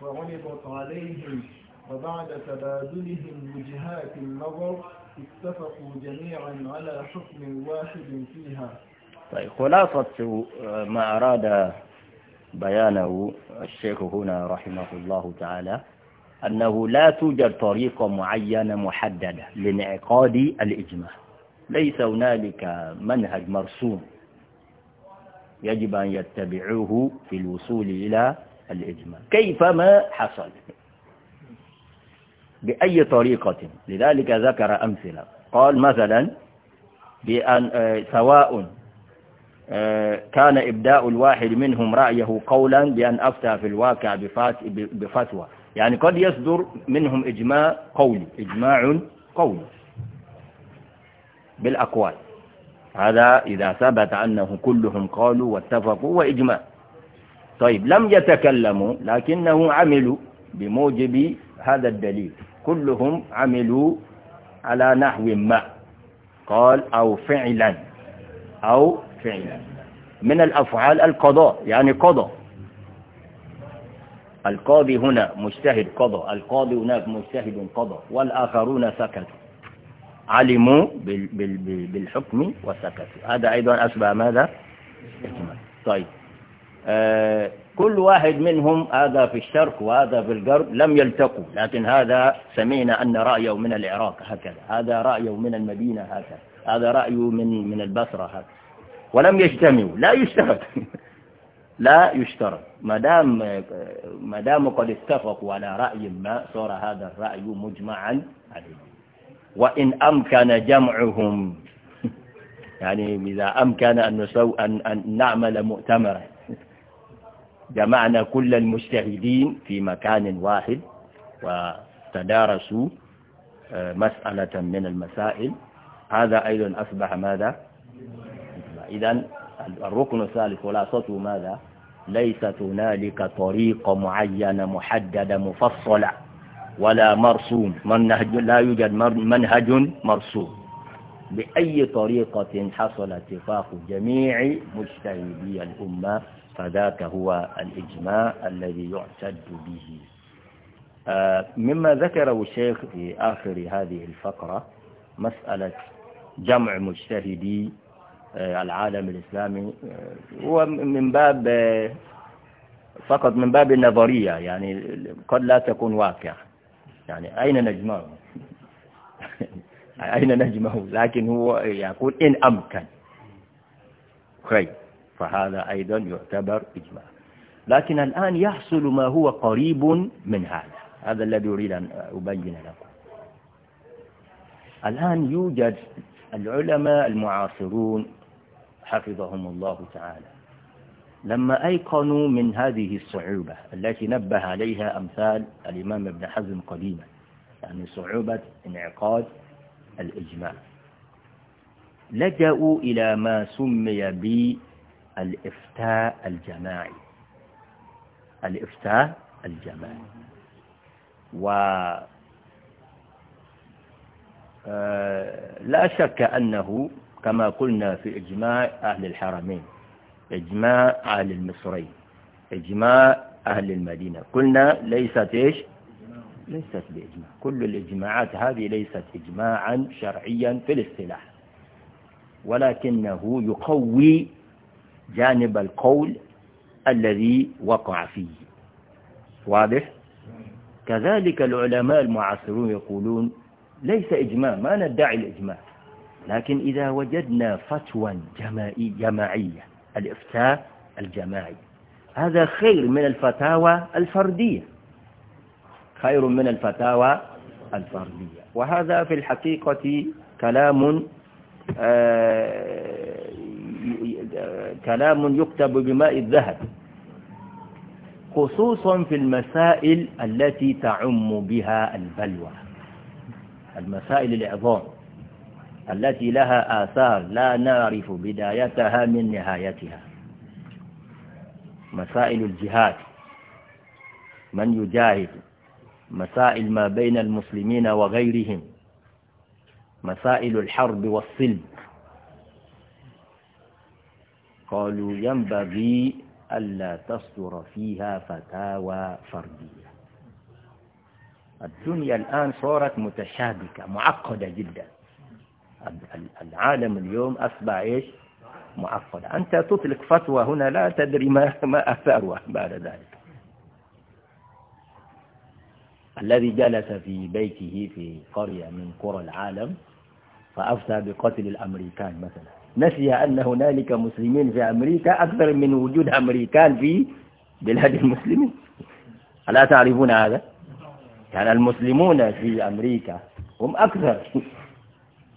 وعرضت عليهم وبعد تبادلهم وجهات النظر اتفقوا جميعا على حكم واحد فيها طيب خلاصة آه، ما أراد بيانه الشيخ هنا رحمه الله تعالى أنه لا توجد طريقة معينة محددة لانعقاد الإجماع ليس هنالك منهج مرسوم يجب أن يتبعوه في الوصول إلى الإجماع كيفما حصل بأي طريقة لذلك ذكر أمثلة قال مثلا بأن آه، سواء كان إبداء الواحد منهم رأيه قولا بأن أفتى في الواقع بفتوى يعني قد يصدر منهم إجماع قولي إجماع قولي بالأقوال هذا إذا ثبت أنه كلهم قالوا واتفقوا وإجماع طيب لم يتكلموا لكنه عملوا بموجب هذا الدليل كلهم عملوا على نحو ما قال أو فعلا أو فعلا من الأفعال القضاء يعني قضى القاضي هنا مجتهد قضى القاضي هناك مجتهد قضى والآخرون سكتوا علموا بالحكم وسكتوا هذا أيضا أشبه ماذا طيب آه كل واحد منهم هذا في الشرق وهذا في الغرب لم يلتقوا لكن هذا سمعنا أن رأيه من العراق هكذا هذا رأيه من المدينة هكذا هذا رأيه من من البصرة هكذا ولم يجتمعوا لا يشترط لا يشترط ما دام ما دام قد اتفقوا على رأي ما صار هذا الرأي مجمعا عليه وإن أمكن جمعهم يعني إذا أمكن أن, نسو أن, أن نعمل مؤتمرا جمعنا كل المجتهدين في مكان واحد وتدارسوا آه، مسألة من المسائل هذا أيضا أصبح ماذا إذا الركن الثالث خلاصته ماذا ليست هنالك طريقة معينة محددة مفصلة ولا مرسوم منهج لا يوجد منهج مرسوم بأي طريقة حصل اتفاق جميع مجتهدي الأمة فذاك هو الإجماع الذي يعتد به آه، مما ذكره الشيخ في آخر هذه الفقرة مسألة جمع مجتهدي آه، العالم الإسلامي آه، ومن باب آه، فقط من باب النظرية يعني قد لا تكون واقع يعني أين نجمعه أين نجمعه لكن هو يقول إن أمكن خير فهذا أيضا يعتبر إجماع لكن الآن يحصل ما هو قريب من هذا هذا الذي أريد أن أبين لكم الآن يوجد العلماء المعاصرون حفظهم الله تعالى لما أيقنوا من هذه الصعوبة التي نبه عليها أمثال الإمام ابن حزم قديما يعني صعوبة انعقاد الإجماع لجأوا إلى ما سمي بالإفتاء الجماعي الإفتاء الجماعي و آه، لا شك أنه كما قلنا في إجماع أهل الحرمين إجماع أهل المصري إجماع أهل المدينة قلنا ليست إيش ليست بإجماع كل الإجماعات هذه ليست إجماعا شرعيا في الاصطلاح ولكنه يقوي جانب القول الذي وقع فيه واضح كذلك العلماء المعاصرون يقولون ليس إجماع ما ندعي الإجماع لكن إذا وجدنا فتوى جماعية الإفتاء الجماعي هذا خير من الفتاوى الفردية خير من الفتاوى الفردية وهذا في الحقيقة كلام آه، كلام يكتب بماء الذهب خصوصا في المسائل التي تعم بها البلوى المسائل العظام التي لها آثار لا نعرف بدايتها من نهايتها مسائل الجهاد من يجاهد مسائل ما بين المسلمين وغيرهم مسائل الحرب والصلب قالوا ينبغي ألا تصدر فيها فتاوى فردية الدنيا الآن صارت متشابكة معقدة جداً العالم اليوم أصبح إيش معقد أنت تطلق فتوى هنا لا تدري ما, ما أثارها بعد ذلك الذي جلس في بيته في قرية من قرى العالم فأفتى بقتل الأمريكان مثلا نسي أن هنالك مسلمين في أمريكا أكثر من وجود أمريكان في بلاد المسلمين ألا تعرفون هذا؟ يعني المسلمون في أمريكا هم أكثر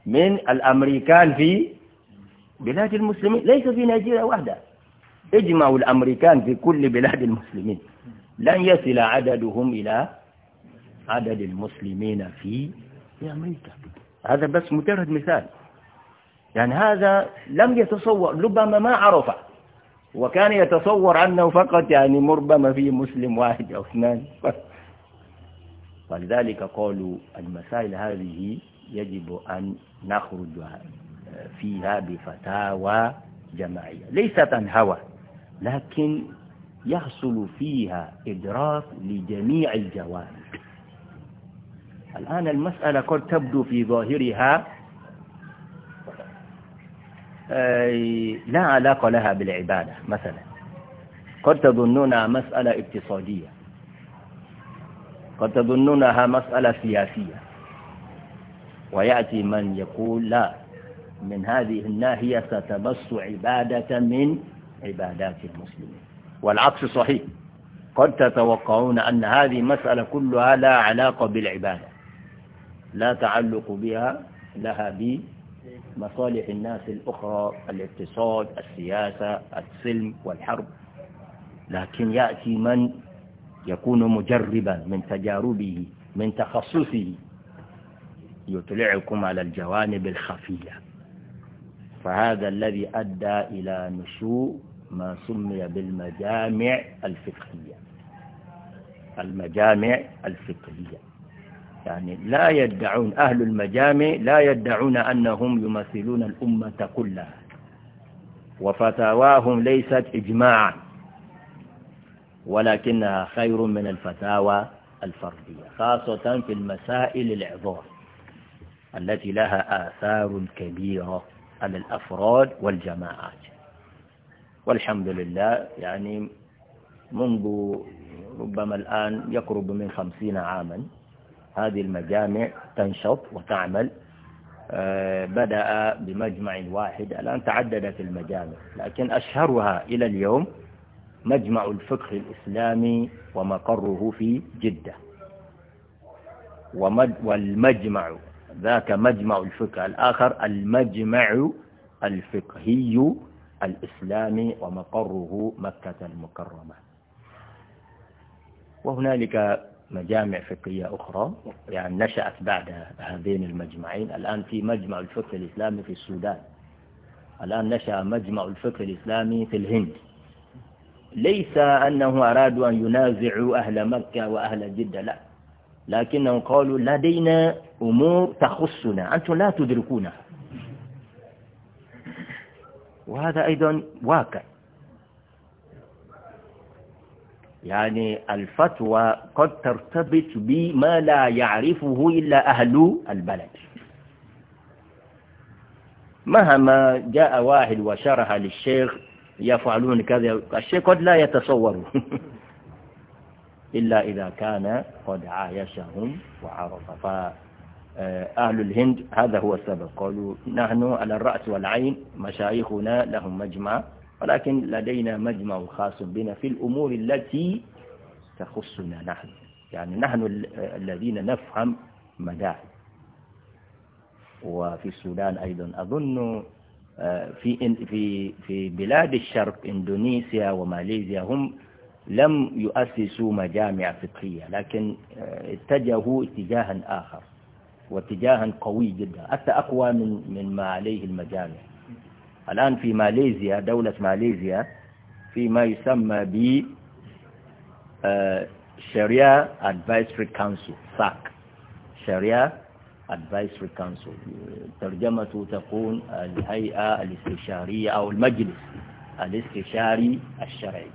من الأمريكان في بلاد المسلمين ليس في نيجيريا وحدها اجمعوا الأمريكان في كل بلاد المسلمين لن يصل عددهم إلى عدد المسلمين في في أمريكا هذا بس مجرد مثال يعني هذا لم يتصور ربما ما عرف وكان يتصور أنه فقط يعني ربما في مسلم واحد أو اثنان فلذلك قالوا المسائل هذه يجب أن نخرج فيها بفتاوى جماعية ليست عن هوى لكن يحصل فيها إدراك لجميع الجوانب الآن المسألة قد تبدو في ظاهرها لا علاقة لها بالعبادة مثلا قد تظنونها مسألة اقتصادية قد تظنونها مسألة سياسية ويأتي من يقول لا من هذه الناهية ستمس عبادة من عبادات المسلمين والعكس صحيح قد تتوقعون أن هذه مسألة كلها لا علاقة بالعبادة لا تعلق بها لها بمصالح الناس الأخرى الاقتصاد السياسة السلم والحرب لكن يأتي من يكون مجربا من تجاربه من تخصصه يطلعكم على الجوانب الخفية فهذا الذي أدى إلى نشوء ما سمي بالمجامع الفقهية المجامع الفقهية يعني لا يدعون أهل المجامع لا يدعون أنهم يمثلون الأمة كلها وفتاواهم ليست إجماعا ولكنها خير من الفتاوى الفردية خاصة في المسائل العظام التي لها آثار كبيرة على الأفراد والجماعات والحمد لله يعني منذ ربما الآن يقرب من خمسين عاما هذه المجامع تنشط وتعمل آه، بدأ بمجمع واحد الآن تعددت المجامع لكن أشهرها إلى اليوم مجمع الفقه الإسلامي ومقره في جدة والمجمع ذاك مجمع الفقه الآخر المجمع الفقهي الإسلامي ومقره مكة المكرمة وهنالك مجامع فقهية أخرى يعني نشأت بعد هذين المجمعين الآن في مجمع الفقه الإسلامي في السودان الآن نشأ مجمع الفقه الإسلامي في الهند ليس أنه أرادوا أن ينازعوا أهل مكة وأهل جدة لا لكنهم قالوا لدينا أمور تخصنا أنتم لا تدركونها وهذا أيضا واقع يعني الفتوى قد ترتبط بما لا يعرفه إلا أهل البلد مهما جاء واحد وشرح للشيخ يفعلون كذا الشيخ قد لا يتصوره إلا إذا كان قد عايشهم وعرف فأهل آه، الهند هذا هو السبب قالوا نحن على الرأس والعين مشايخنا لهم مجمع ولكن لدينا مجمع خاص بنا في الأمور التي تخصنا نحن يعني نحن الذين نفهم مداه وفي السودان أيضا أظن آه، في في في بلاد الشرق إندونيسيا وماليزيا هم لم يؤسسوا مجامع فقهية لكن آه، اتجهوا اتجاها آخر واتجاها قوي جدا حتى أقوى من من ما عليه المجامع الآن في ماليزيا دولة ماليزيا في ما يسمى ب آه، شريعة Advisory Council ساك شريعة Advisory Council ترجمته تكون الهيئة الاستشارية أو المجلس الاستشاري الشرعي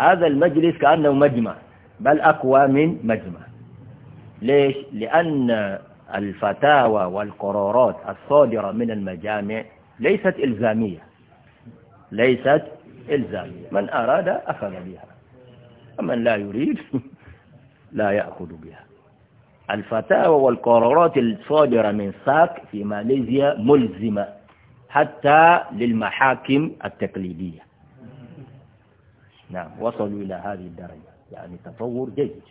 هذا المجلس كأنه مجمع بل أقوى من مجمع ليش؟ لأن الفتاوى والقرارات الصادرة من المجامع ليست إلزامية ليست إلزامية من أراد أخذ بها ومن لا يريد لا يأخذ بها الفتاوى والقرارات الصادرة من ساك في ماليزيا ملزمة حتى للمحاكم التقليدية نعم وصلوا إلى هذه الدرجة يعني تطور جيد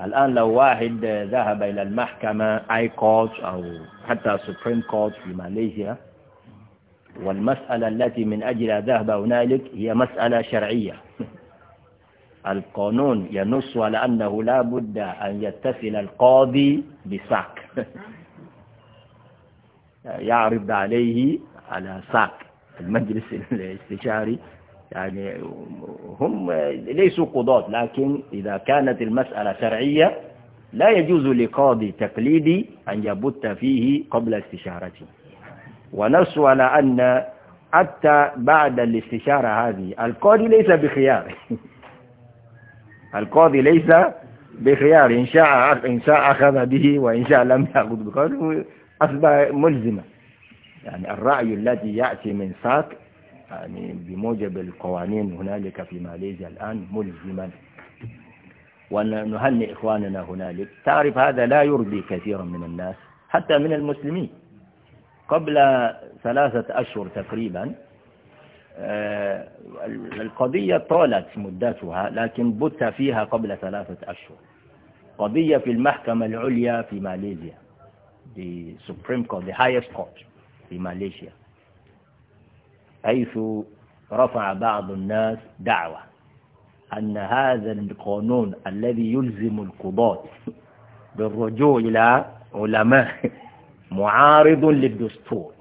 الآن لو واحد ذهب إلى المحكمة اي كوتش أو حتى سوبريم كوتش في ماليزيا والمسألة التي من أجلها ذهب هنالك هي مسألة شرعية القانون ينص على أنه لا بد أن يتصل القاضي بساك يعرض عليه على ساك المجلس الاستشاري يعني هم ليسوا قضاة لكن إذا كانت المسألة شرعية لا يجوز لقاضي تقليدي أن يبت فيه قبل استشارته ونرسو على أن حتى بعد الاستشارة هذه القاضي ليس بخيار القاضي ليس بخيار إن شاء إن شاء أخذ به وإن شاء لم يأخذ بخيار أصبح ملزمة يعني الرأي الذي يأتي من ساك يعني بموجب القوانين هنالك في ماليزيا الآن ملزما ونهنئ إخواننا هنالك تعرف هذا لا يرضي كثيرا من الناس حتى من المسلمين قبل ثلاثة أشهر تقريبا آه، القضية طالت مدتها لكن بت فيها قبل ثلاثة أشهر قضية في المحكمة العليا في ماليزيا the Supreme Court, the highest court في ماليزيا حيث رفع بعض الناس دعوة أن هذا القانون الذي يلزم القضاة بالرجوع إلى علماء معارض للدستور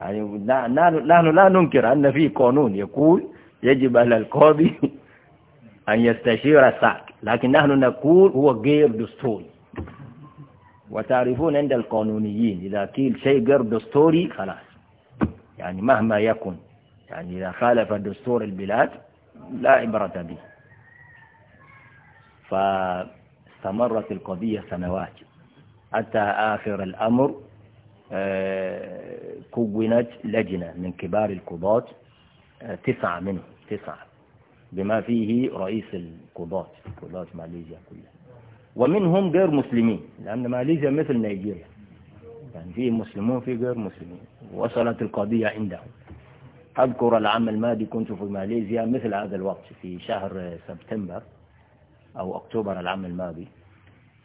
يعني نحن لا ننكر أن في قانون يقول يجب على القاضي أن يستشير الساك لكن نحن نقول هو غير دستوري وتعرفون عند القانونيين إذا قيل شيء غير دستوري خلاص يعني مهما يكن يعني إذا خالف دستور البلاد لا عبرة به فاستمرت القضية سنوات حتى آخر الأمر آه، كونت لجنة من كبار القضاة آه، تسعة منهم تسعة بما فيه رئيس القضاة قضاة ماليزيا كلها ومنهم غير مسلمين لأن ماليزيا مثل نيجيريا يعني في مسلمون في غير مسلمين وصلت القضية عندهم أذكر العام الماضي كنت في ماليزيا مثل هذا الوقت في شهر سبتمبر أو أكتوبر العام الماضي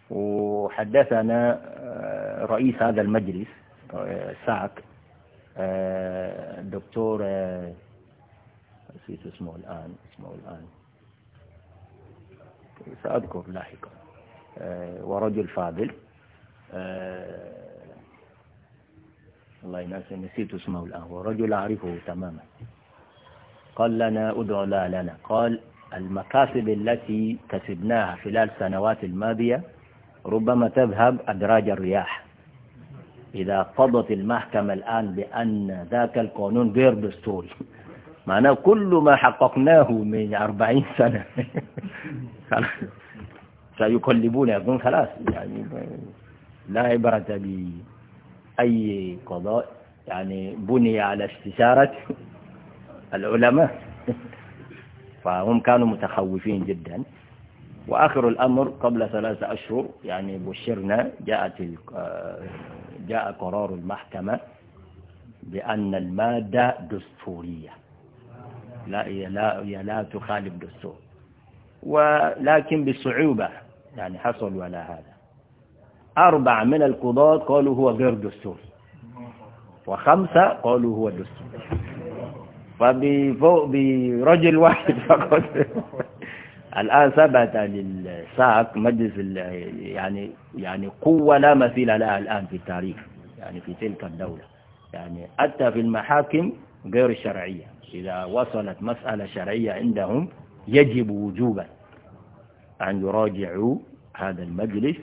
وحدثنا آه، رئيس هذا المجلس آه، ساك آه، دكتور نسيت اسمه الآن اسمه الآن سأذكر لاحقا آه، ورجل فاضل والله آه، ناس نسيت اسمه الآن ورجل أعرفه تماما قال لنا ادعو لا لنا قال المكاسب التي كسبناها خلال السنوات الماضية ربما تذهب أدراج الرياح إذا قضت المحكمة الآن بأن ذاك القانون غير دستوري معناه كل ما حققناه من أربعين سنة سيقلبون يقولون خلاص يعني لا عبرة بأي قضاء يعني بني على استشارة العلماء فهم كانوا متخوفين جدا وآخر الأمر قبل ثلاثة أشهر يعني بشرنا جاءت آه، جاء قرار المحكمة بأن المادة دستورية لا لا لا تخالف دستور ولكن بصعوبة يعني حصلوا على هذا أربع من القضاة قالوا هو غير دستور وخمسة قالوا هو دستور فبفوق برجل واحد فقط الآن ثبت للساق مجلس يعني يعني قوة لا مثيل لها الآن في التاريخ يعني في تلك الدولة يعني حتى في المحاكم غير الشرعية إذا وصلت مسألة شرعية عندهم يجب وجوبا أن يراجعوا هذا المجلس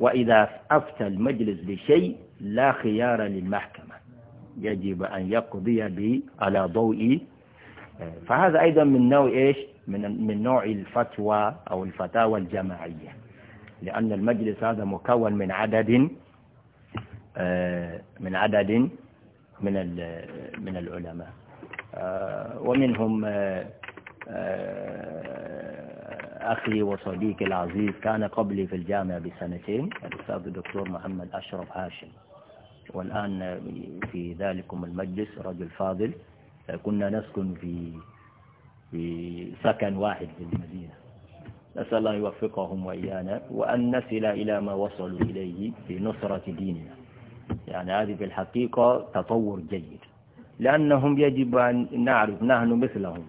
وإذا أفتى المجلس بشيء لا خيار للمحكمة يجب أن يقضي به على ضوء آه، فهذا أيضا من نوع إيش من من نوع الفتوى أو الفتاوى الجماعية لأن المجلس هذا مكون من عدد آه، من عدد من من العلماء آه، ومنهم آه، أخي وصديقي العزيز كان قبلي في الجامعة بسنتين الأستاذ الدكتور محمد أشرف هاشم والآن في ذلكم المجلس رجل فاضل كنا نسكن في في سكن واحد في المدينة نسأل الله يوفقهم وإيانا وأن نصل إلى ما وصلوا إليه في نصرة ديننا يعني هذه في الحقيقة تطور جيد لأنهم يجب أن نعرف نحن مثلهم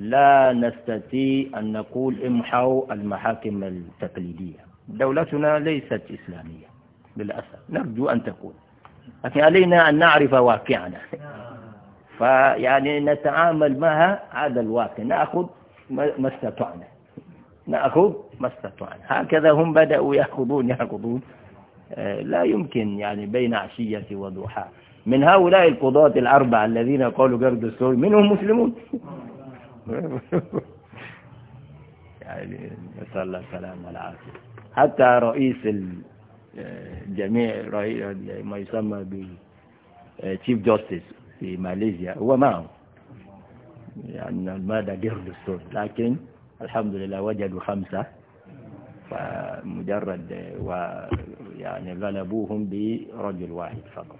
لا نستطيع أن نقول امحوا المحاكم التقليدية دولتنا ليست إسلامية للأسف نرجو أن تكون لكن علينا أن نعرف واقعنا فيعني نتعامل معها هذا الواقع نأخذ ما استطعنا نأخذ ما استطعنا هكذا هم بدأوا يأخذون يأخذون آه، لا يمكن يعني بين عشية وضحى من هؤلاء القضاة الأربعة الذين قالوا جرد السوري منهم مسلمون يعني نسأل الله السلامة والعافية حتى رئيس الجميع رئيس ما يسمى ب تشيف جاستس في ماليزيا هو معه يعني المادة غير دستور لكن الحمد لله وجدوا خمسة فمجرد ويعني غلبوهم برجل واحد فقط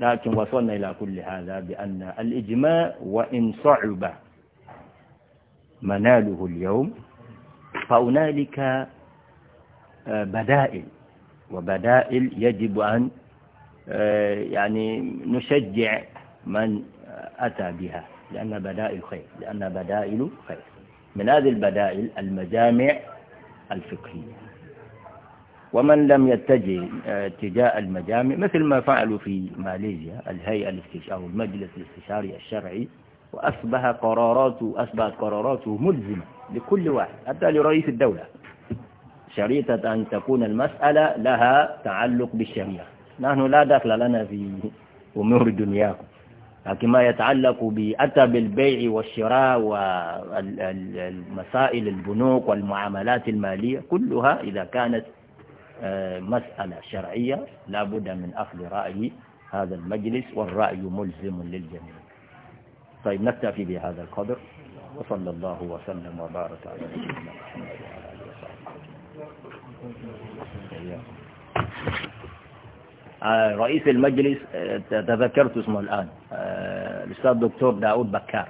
لكن وصلنا إلى كل هذا بأن الإجماع وإن صعب مناله اليوم فهنالك آه، بدائل وبدائل يجب أن آه، يعني نشجع من أتى بها لأن بدائل خير لأن بدائل خير من هذه البدائل المجامع الفقهية ومن لم يتجه اتجاه آه، المجامع مثل ما فعلوا في ماليزيا الهيئة الاستشارية أو المجلس الاستشاري الشرعي وأصبح قراراته أصبحت قراراته ملزمة لكل واحد حتى لرئيس الدولة شريطة أن تكون المسألة لها تعلق بالشريعة نحن لا دخل لنا في أمور دنياكم لكن ما يتعلق بأتى بالبيع والشراء والمسائل البنوك والمعاملات المالية كلها إذا كانت آه، مسألة شرعية لابد من أخذ رأي هذا المجلس والرأي ملزم للجميع طيب نكتفي بهذا القدر وصلى الله وسلم وبارك على نبينا محمد وعلى اله وصحبه رئيس المجلس تذكرت اسمه الآن الأستاذ الدكتور داود بكار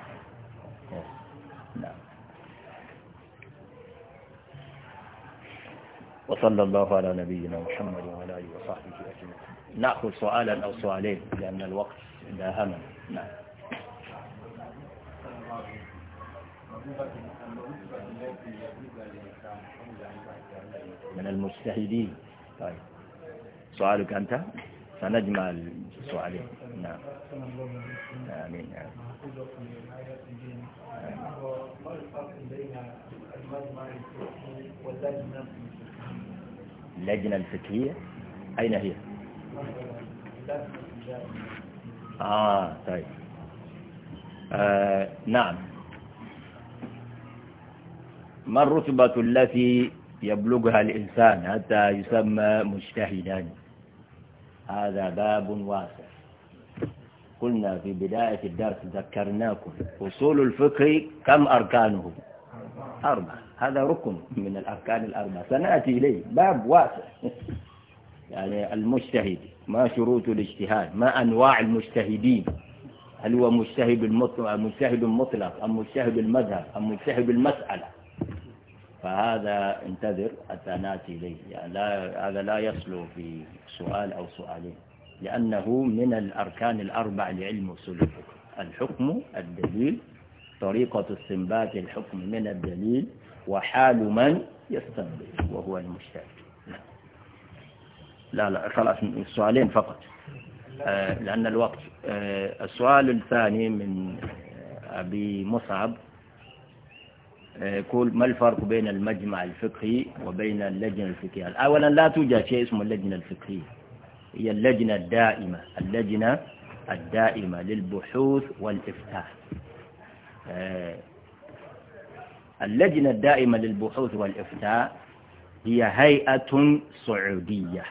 نعم. وصلى الله على نبينا محمد وعلى آله وصحبه أجمعين نأخذ سؤالا أو سؤالين لأن الوقت داهمنا نعم من المجتهدين طيب سؤالك أنت سنجمع السؤالين نعم آمين اللجنة الفكرية أين هي؟ آه طيب آه، نعم ما الرتبة التي يبلغها الإنسان حتى يسمى مجتهدا هذا باب واسع قلنا في بداية الدرس ذكرناكم أصول الفقه كم أركانه أربعة هذا ركن من الأركان الأربعة سنأتي إليه باب واسع يعني المجتهد ما شروط الاجتهاد ما أنواع المجتهدين هل هو مجتهد المطلق مجتهد مطلق أم مجتهد المذهب أم مجتهد المسألة فهذا انتظر حتى ناتي إليه يعني لا هذا لا يصلو في سؤال أو سؤالين لأنه من الأركان الأربع لعلم أصول الحكم الدليل طريقة استنباط الحكم من الدليل وحال من يستنبط وهو المجتهد نعم. لا لا خلاص السؤالين فقط آه، لأن الوقت آه، السؤال الثاني من آه، أبي مصعب يقول ما الفرق بين المجمع الفقهي وبين اللجنة الفقهية أولا لا توجد شيء اسمه اللجنة الفقهية هي اللجنة الدائمة اللجنة الدائمة للبحوث والإفتاء اللجنة الدائمة للبحوث والإفتاء هي هيئة سعودية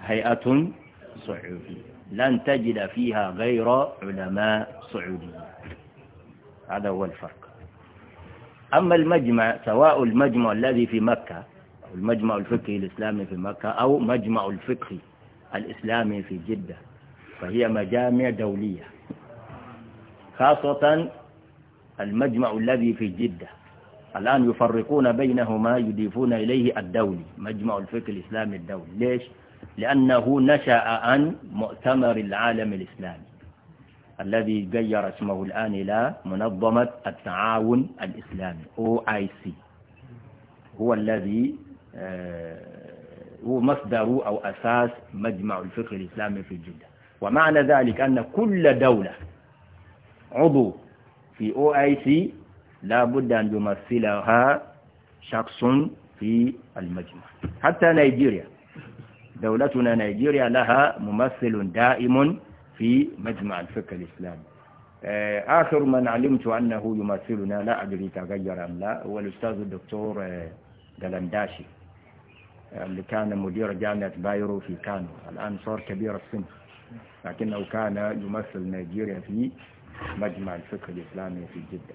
هيئة صعودية لن تجد فيها غير علماء صعودية هذا هو الفرق أما المجمع سواء المجمع الذي في مكة أو المجمع الفقهي الإسلامي في مكة أو مجمع الفقهي الإسلامي في جدة فهي مجامع دولية خاصة المجمع الذي في جدة الآن يفرقون بينهما يضيفون إليه الدولي مجمع الفقه الإسلامي الدولي ليش؟ لأنه نشأ عن مؤتمر العالم الإسلامي الذي غير اسمه الآن إلى منظمة التعاون الإسلامي OIC هو الذي آه، هو مصدر أو أساس مجمع الفقه الإسلامي في جدة ومعنى ذلك أن كل دولة عضو في OIC لا بد أن يمثلها شخص في المجمع حتى نيجيريا دولتنا نيجيريا لها ممثل دائم في مجمع الفكر الإسلامي آه، آخر من علمت أنه يمثلنا لا أدري تغير أم لا هو الأستاذ الدكتور آه، جلنداشي آه، اللي كان مدير جامعة بايرو في كانو الآن صار كبير السن لكنه كان يمثل نيجيريا في مجمع الفكر الإسلامي في جدة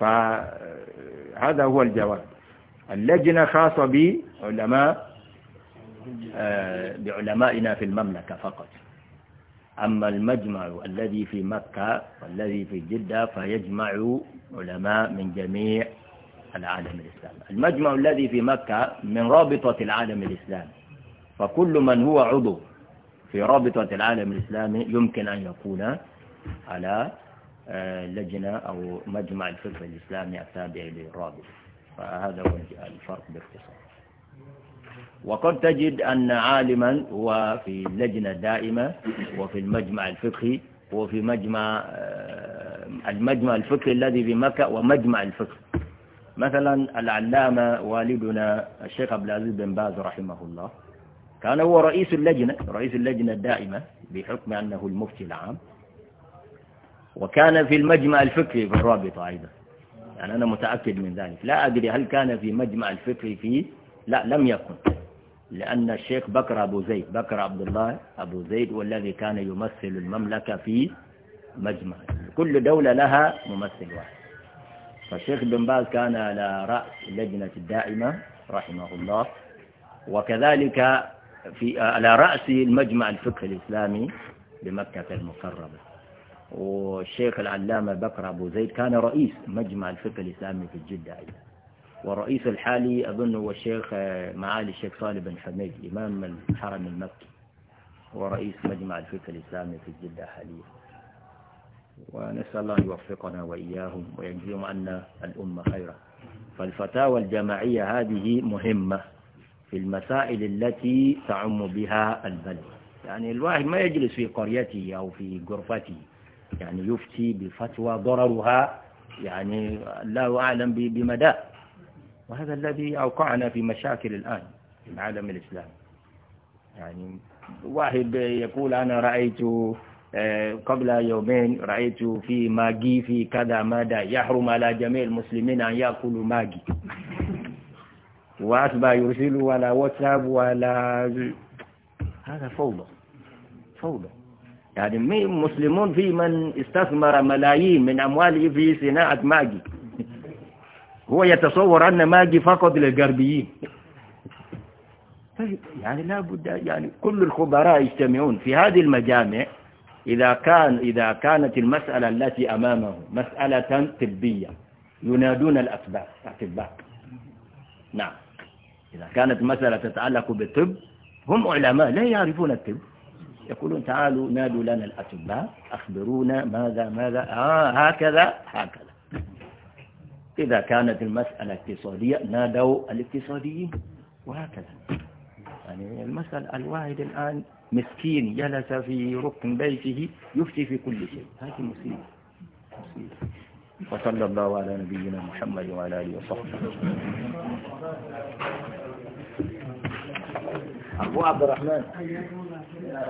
فهذا هو الجواب اللجنة خاصة بعلماء آه، بعلمائنا في المملكة فقط أما المجمع الذي في مكة والذي في جدة فيجمع علماء من جميع العالم الإسلامي المجمع الذي في مكة من رابطة العالم الإسلامي فكل من هو عضو في رابطة العالم الإسلامي يمكن أن يكون على آه، لجنة أو مجمع الفقه الإسلامي التابع للرابطة فهذا هو الفرق باختصار وقد تجد أن عالما هو في اللجنة الدائمة وفي المجمع الفقهي وفي مجمع آه، المجمع الفقهي الذي في مكة ومجمع الفقه مثلا العلامة والدنا الشيخ عبد العزيز بن باز رحمه الله كان هو رئيس اللجنة رئيس اللجنة الدائمة بحكم أنه المفتي العام وكان في المجمع الفقهي في الرابطة أيضا يعني أنا متأكد من ذلك لا أدري هل كان في مجمع الفقهي فيه لا لم يكن لأن الشيخ بكر أبو زيد بكر عبد الله أبو زيد والذي كان يمثل المملكة في مجمع كل دولة لها ممثل واحد فالشيخ بن باز كان على رأس اللجنة الدائمة رحمه الله وكذلك في على رأس المجمع الفقه الإسلامي بمكة المكرمة والشيخ العلامة بكر أبو زيد كان رئيس مجمع الفقه الإسلامي في الجدة أيضا والرئيس الحالي أظن هو الشيخ آه، معالي الشيخ صالح بن حميد إمام الحرم المكي ورئيس مجمع الفكر الإسلامي في الجدة حاليا ونسأل الله يوفقنا وإياهم ويجزيهم عنا الأمة خيرا فالفتاوى الجماعية هذه مهمة في المسائل التي تعم بها البلد يعني الواحد ما يجلس في قريته أو في غرفته يعني يفتي بفتوى ضررها يعني الله أعلم بمدى وهذا الذي أوقعنا في مشاكل الآن في العالم الإسلامي يعني واحد يقول أنا رأيت آه، قبل يومين رأيت في ماجي في كذا ماذا يحرم على جميع المسلمين أن يأكلوا ماجي وأصبح يرسلوا ولا واتساب ولا هذا فوضى فوضى يعني المسلمون في من استثمر ملايين من أمواله في صناعة ماجي هو يتصور أن ماجي فقط للغربيين طيب، يعني لا بد يعني كل الخبراء يجتمعون في هذه المجامع إذا كان إذا كانت المسألة التي أمامه مسألة طبية ينادون الأطباء أطباء نعم إذا كانت مسألة تتعلق بالطب هم علماء لا يعرفون الطب يقولون تعالوا نادوا لنا الأطباء أخبرونا ماذا ماذا آه هكذا هكذا إذا كانت المسألة اقتصادية نادوا الاقتصاديين وهكذا يعني المسألة الواحد الآن مسكين جلس في ركن بيته يفتي في كل شيء هذه مصيبة وصلى الله على نبينا محمد وعلى آله وصحبه أبو عبد الرحمن